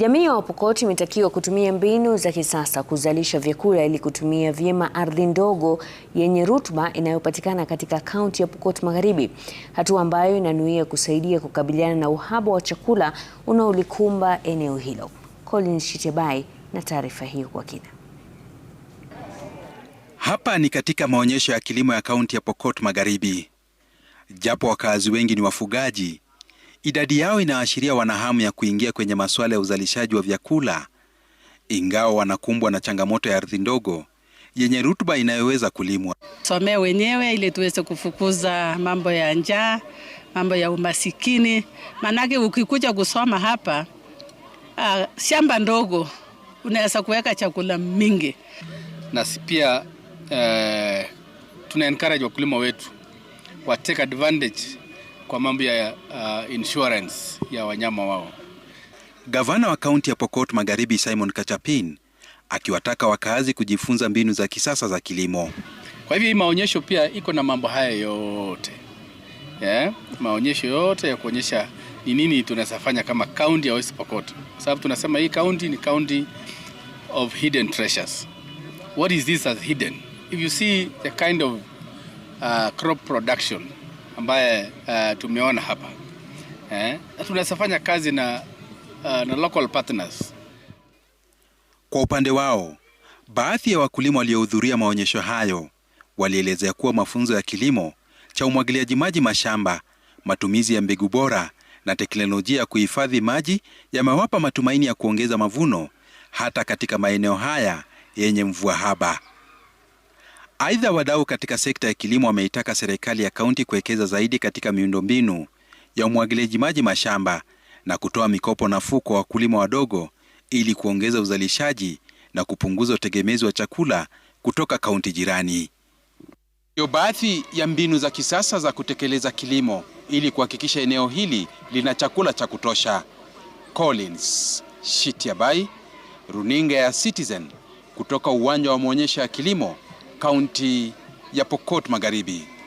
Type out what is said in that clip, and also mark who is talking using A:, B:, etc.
A: Jamii ya Wapokot imetakiwa kutumia mbinu za kisasa kuzalisha vyakula ili kutumia vyema ardhi ndogo yenye rutuba inayopatikana katika kaunti ya Pokot Magharibi, hatua ambayo inanuia kusaidia kukabiliana na uhaba wa chakula unaolikumba eneo hilo. Colin Shitebai na taarifa hiyo kwa kina.
B: Hapa ni katika maonyesho ya kilimo ya kaunti ya Pokot Magharibi. Japo wakazi wengi ni wafugaji, Idadi yao inaashiria wanahamu ya kuingia kwenye masuala ya uzalishaji wa vyakula, ingawa wanakumbwa na changamoto ya ardhi ndogo yenye rutuba inayoweza kulimwa.
C: Somee wenyewe ili tuweze kufukuza mambo ya njaa, mambo ya umasikini. Maanake ukikuja kusoma hapa a, ah, shamba ndogo unaweza kuweka chakula mingi,
D: na pia eh, tuna encourage wakulima wetu wa take advantage kwa mambo ya uh, insurance ya wanyama wao.
B: Gavana wa kaunti ya Pokot Magharibi Simon Kachapin akiwataka wakaazi kujifunza mbinu za kisasa za kilimo.
D: Kwa hivyo hii maonyesho pia iko na mambo haya yote yeah. Maonyesho yote ya kuonyesha ni nini tunasafanya kama kaunti ya West Pokot, kwa sababu tunasema hii kaunti ni kaunti of hidden treasures. What is this as hidden? If you see the kind of uh, crop production ambaye uh, tumeona hapa eh, tunaweza kazi na, uh, na local partners.
B: Kwa upande wao, baadhi ya wakulima waliohudhuria maonyesho hayo walielezea kuwa mafunzo ya kilimo cha umwagiliaji maji mashamba, matumizi ya mbegu bora na teknolojia ya kuhifadhi maji yamewapa matumaini ya kuongeza mavuno hata katika maeneo haya yenye mvua haba. Aidha, wadau katika sekta ya kilimo wameitaka serikali ya kaunti kuwekeza zaidi katika miundombinu ya umwagiliaji maji mashamba na kutoa mikopo nafuu kwa wakulima wadogo ili kuongeza uzalishaji na kupunguza utegemezi wa chakula kutoka kaunti jirani.
E: Ndiyo baadhi ya mbinu za kisasa za kutekeleza kilimo ili kuhakikisha eneo hili lina chakula cha kutosha. Collins Shitiabai, runinga ya Citizen kutoka uwanja wa maonyesho ya kilimo kaunti ya Pokot Magharibi.